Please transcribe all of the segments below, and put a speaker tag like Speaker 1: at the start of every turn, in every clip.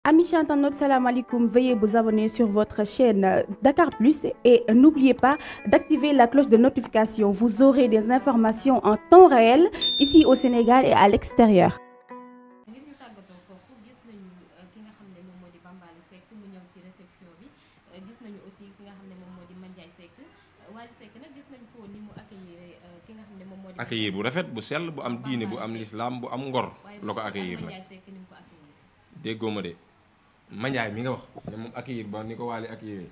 Speaker 1: Amis chers internautes, salam alaikum. Veuillez vous abonner sur votre chaîne Dakar Plus et n'oubliez pas d'activer la cloche de notification. Vous aurez des informations en temps réel ici au Sénégal et à l'extérieur. bu rafet bu sell bu am diine bu am
Speaker 2: bu am ngor Mandiaye mi nga wax ne moom accueillir ba ni ko Wally accueillir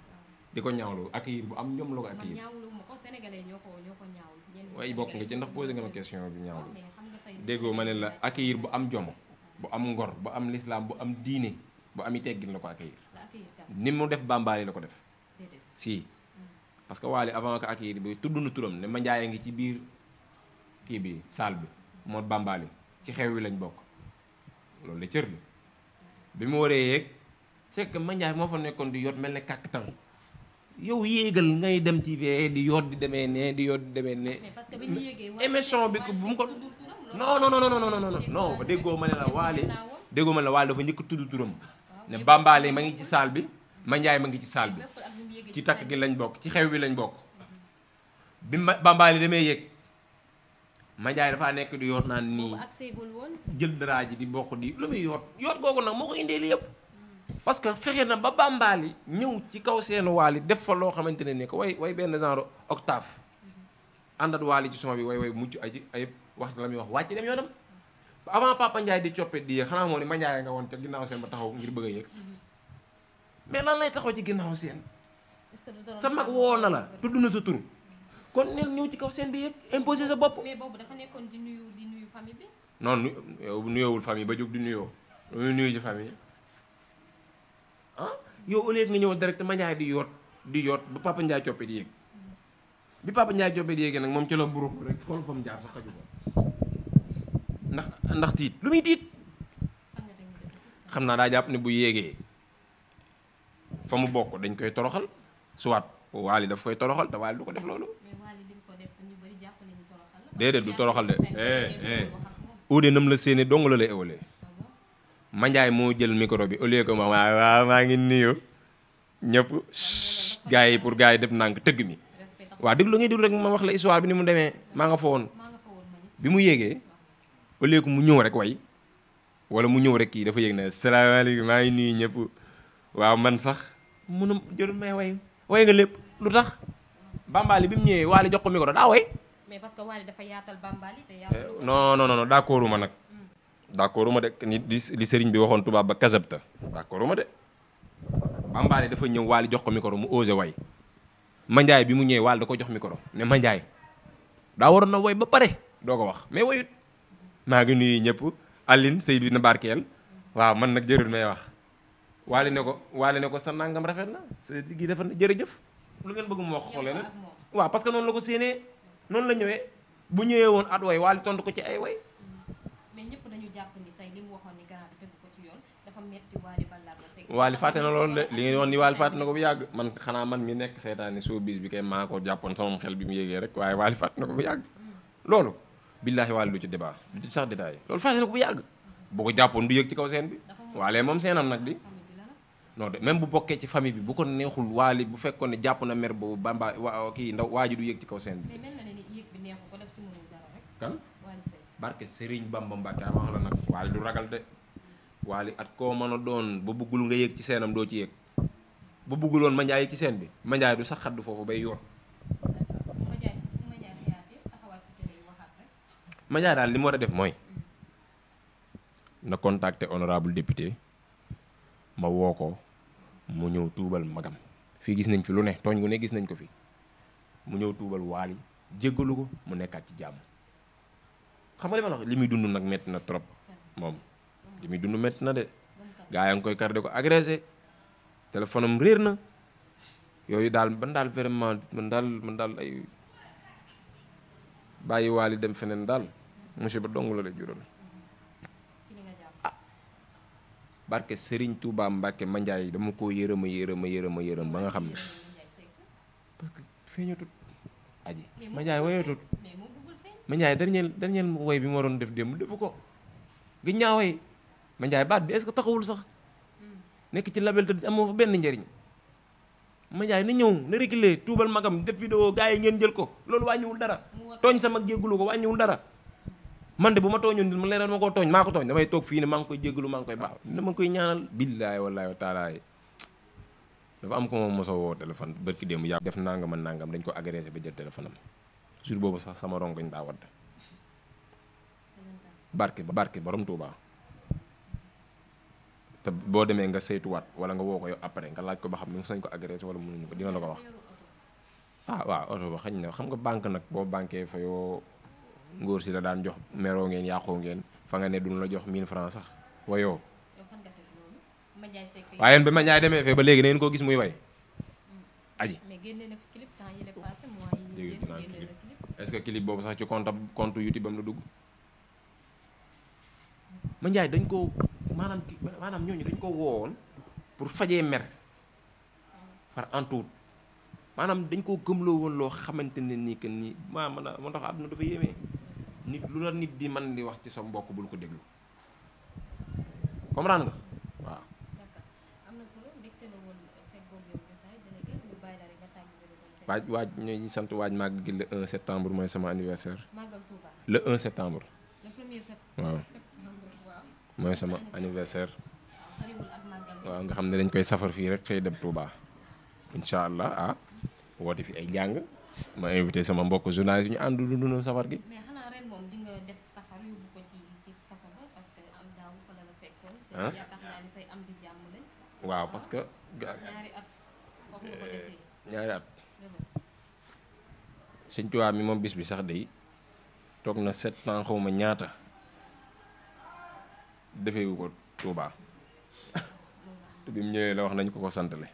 Speaker 2: di ko ñaawlu accueillir bu am ñoom la ko
Speaker 1: bokk nga ci ndax posé nga ma question bi ma ne
Speaker 2: la accueillir bu am jom bu am ngor bu am lislaam bu am diine boo ami i teggil la ko accueillir ni mu def bàmbaali la ko def si mm. parce que Wally avant que accueillir bi tudd na turam ne Mandiaye ngi ci biir kii bi salle bi moo bàmbaali ci xew wi lañ bokk loolu cër bi bi mu waree yeeg c'est que Mandiaye moo fa nekkoon di yoot mel ne kàkkatal yow yéegal ngay dem ci di yoot di deme ne di yoot di demee ne. parce bi ñu bu mu ko. non non non non déggoo ma ne la waale déggoo ma ne la waale dafa njëkk tudd ne Bambaale ma ngi ci saal bi Mandiaye ma ngi ci saal bi ci takk gi lañ bokk ci xew bi lañ bokk bi ma Bambaale demee yéeg Mandiaye dafaa nekk di yoot naan nii jël daraa ji di bokk di lu muy yoot yoot googu nag moo ko indee yëpp. parce que fexe na ba bàmbaali ñëw ci kaw seen waali def fa loo xamante ne ni ko way way benn genre octave àndat waali ci son bi way way mucc ay ay wax la muy wax wàcc dem yoonam avant Papa Ndiaye di coppe di xanaa moo ni ma nga woon ca ginnaaw seen ba taxaw ngir bëgg a yëg mais lan lay taxaw ci ginnaaw seen
Speaker 1: sa mag woo na la
Speaker 2: tudd na sa tur kon nel ñëw ci kaw seen bi yëg imposé sa bopp.
Speaker 1: mais boobu dafa nekkoon di nuyu di nuyu famille
Speaker 2: non nu nuyoowul famille ba jóg di nuyoo nuyu ci famille. ah yow au lieu nga ñëw direct ma Ndiaye di yoot di yoot ba papa Ndiaye coppe di yéeg bi papa Ndiaye coppe di yéeg nag moom ci la buru rek xool fa mu jaar sax xaju ko ndax ndax tiit lu muy tiit xam naa daa jàpp ne bu yéegee fa mu bokk dañ koy toroxal soit waali daf koy toroxal te waali du ko def loolu déedéet du toroxal de eh eh ude nam la seeni dong la lay éwale Mandiaye moo jël micro bi au lieu ma maa ngi nuyu ñëpp gars yi pour gars yi def nànk tëgg mi waaw déglu ngay déglu rek ma wax la histoire bi ni mu demee maa nga fa woon bi mu yéegee au lieu mu ñëw rek way wala mu ñëw rek kii dafa yéeg na salaamaaleykum maa ngi nii ñëpp waaw man sax munu jël may way way nga lépp lu tax bambali bi mu ñëwee waali jox ko micro daa way
Speaker 1: mais parce que waali dafa yaatal bambali eh,
Speaker 2: nag d'accord uma de nit li sëriñ bi waxoon tubaab ba kasabta d'accord uma de bambaane dafa ñëw waali jox ko micro mu osé way manjaay bi mu ñëwee waali da ko jox micro ne manjaay daa waroon na woy ba pare doo ko wax mais woyut maa ngi ñëpp Aline sëy bi na barkeel waaw man nag jërul may wax waali ne ko waali ne ko sa nangam rafet na sa dafa jërëjëf lu ngeen bëgg mu wax waaw parce que noonu la ko séenee noonu la ñëwee bu ñëwee woon at way waali tontu ko ci ay way
Speaker 1: waali fàtte na loolu de li ngeen wax ni waali fàtte na ko bu
Speaker 2: yàgg man xanaa man mi nekk seytaane soo bis bi kay maa ko jàppoon sama xel bi mu yéegee rek waaye waali fàtte na ko bu yàgg loolu billaahi waali du ci debaa sax détail loolu fàtte na ko bu yàgg boo ko jàppoon du yëg ci kaw seen bi waalee moom seenam nag di noo de même bu bokkee ci famille bi bu ko neexul waali bu fekkoon ne jàpp na mer boobu bamba waa kii ndaw waa ji du yëg ci kaw seen bi kan barke Serigne Bamba waali at koo mën a doon ba bëggul nga yëg ci seenam doo ci yëg ba bugguloon manjaay ci seen bi manjaay du sax xaddu foofu bay yoon manjaay daal li mu war a def mooy na contacté honorable député ma woo ko mu ñëw tuubal magam fii gis nañ fi lu ne tooñ gu ne gis nañ ko fi mu ñëw tuubal waali jéggalu ko mu nekkaat ci jàmm xam nga li ma la li muy dund nag metti na trop moom li muy dund métti na de gaa yaa ngi koy kar ko agressé téléphone am réer na yooyu daal ban daal vraiment man daal man daal ay bàyyi dem feneen daal monsieur ba dong la la jural ah barke Serigne Touba Mbacke Mandiaye dama ko yërëm a yërëm a yërëm ba nga xam ne parce que feeñatut aji Mandiaye woyatut Mandiaye dernier dernier woy bi ma doon def démb def ko gëj naa ma njaay baat bi est-ce que taxawul sax nekk ci label te moo fa benn njëriñ ma njaay ni ñëw na réglé tuubal magam def vidéo gars yi ngeen jël ko loolu wàññiwul dara tooñ sama mag jéggulu ko wàññiwul dara man de bu ma tooñoon mu leeral ma koo tooñ maa ko tooñ damay toog fii ne maa ngi koy jégalu maa ngi koy baax na ma koy ñaanal billaahi wallaahi wa taalaayi dafa am ko moom mosa woo téléphone barki démb yàgg def nangam ak nangam dañ ko agressé ba jël téléphone am boobu sax sama rongoñ daa wadd barke barki borom Tuubaa te boo demee nga saytuwaat wala nga woo ko yow après nga laaj ko ba xam ne sañ ko agressé wala mënuñu ko dina la ko wax ah waaw oto ba xañ na xam nga banque nag boo banquee fa yoo ngóor si la daan jox meroo ngeen yàqoo ngeen fa nga ne duñ la jox 1000 francs sax wayoo waaye yéen ba ma demee fee ba léegi neen koo gis muy way mm. aji est-ce que clip boobu sax ci compte compte YouTube am la dugg ma dañ ko maanaam maanaam ñooñu dañ ko woowoon pour fajee mer par antuut maanaam dañ koo gëmloo woon loo xamante ne nii que ni maa man a moo tax àdduna dafa yéeme nit lu la nit di man di wax ci sa mbokk bul ko déglu comprendre nga waaw. waaj waaj ñuy sant waaj màgg gi le un septembre mooy sama anniversaire. le un septembre. mooy sama anniversaire waaw nga xam ne dañ koy safar fii rek xëy dem Touba incha allah ah woote fi ay jàng ma invité sama mbokk journaliste yi ñu ànd dundu safar gi. mais
Speaker 1: ah? waaw parce que. Ah, ñaari at foofu nga
Speaker 2: ko eh, defee. mi moom bis bi sax day toog na sept ans xaw ma ñaata. defeewu ko Touba te bi mu ñëwee la wax nañ ko ko santale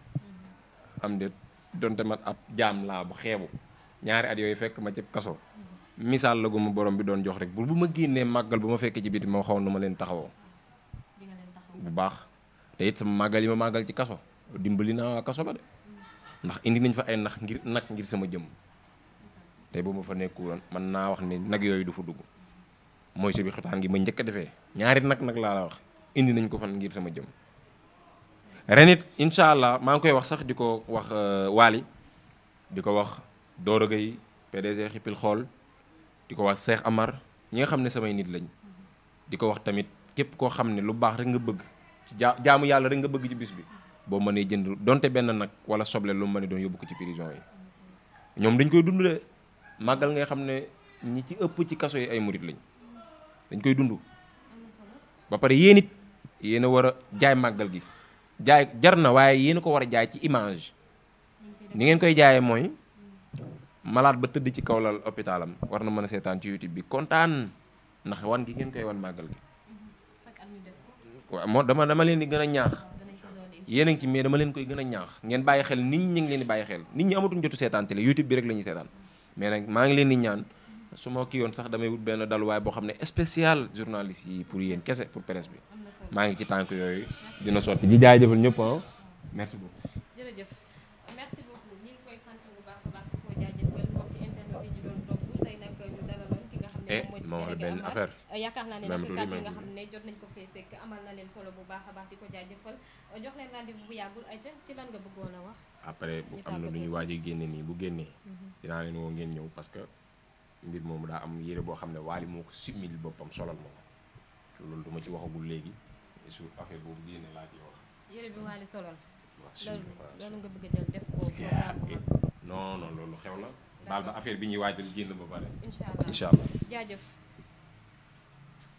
Speaker 2: am de donte man ab jaam laa bu xeebu ñaari at yooyu fekk ma ci kaso misaal la gu borom bi doon jox rek bu bu ma génnee màggal bu ma fekkee ci biti ma xaw nu ma leen taxawoo bu baax te it sama màggal yi ma màggal ci kaso dimbali naa waa kaso ba de ndax indi nañ fa ay nax ngir nag ngir sama jëmm te bu ma fa nekkuloon man naa wax ni nag yooyu du fa dugg mooy si bi xutaan gi ma njëkk a defee ñaari nag nag laa la wax indi nañ ko fan ngir sama jëm ren it incha allah maa ngi koy wax sax di ko wax euh, Waly di ko wax Doro Gueye PDG Xipil xool di ko wax Cheikh Amar ñi nga xam ne samay nit lañ di ko wax tamit képp koo xam ne lu baax rek nga bëgg ci jaamu yàlla rek nga bëgg ci bis bi boo mënee jënd donte benn nag wala soble lu mu mën a doon yóbbu ko ci prison yi ñoom dañ koy dund de màggal ngay xam ne ñi ci ëpp ci kaso yi ay murit lañ dañ koy dund ba pare yéen it yéen a war a jaay màggal gi jaay jar na waaye yéen a ko war a jaay ci image ni ngeen koy jaayee mooy malade ba tëdd ci kaw lal hôpitalam war na mën a seetaan ci YouTube bi kontaan ndax wan gi ngeen koy wan màggal gi waaw moo dama dama leen di gën a ñaax yéen a ci mais dama leen koy gën a ñaax ngeen bàyyi xel nit ñi ngi leen di bàyyi xel nit ñi amatuñ jotu seetaan télé YouTube bi rek la ñuy seetaan mais nag maa ngi leen di ñaan su ma kii yoon sax damay wut benn daluwaay boo xam ne spécial journaliste yi pour yéen kese pour presse bi maa ngi ci tànk yooyu dina sotti di jaajëfal ñëpp ah merci beaucoup.
Speaker 1: ñu ko jaajëfal mbokki internet yi ñu doon topp tey nag ki nga xam ne eh, moom moo benn affaire euh, yaakaar naa ne nag kàddu nga xam ne jot nañ ko fee sekk amal na leen solo bu baax a baax di ko jaajëfal jox leen rendez-vous bu yàggul ayca ci lan nga bëggoon a wax.
Speaker 2: après bu am na lu ñuy waaj a génne nii bu génnee. Mhm. mbir moomu daa am yére boo xam ne waali moo ko simmil boppam solal ma ko loolu duma ci waxagul léegi su affaire boobu génne laa ci wax.
Speaker 1: yére bi waali solal. loolu loolu nga bëgg a jël def ko.
Speaker 2: non loolu xew na baal ba affaire bi ñuy waajal génn ba pare. incha allah incha allah
Speaker 1: jaajëf.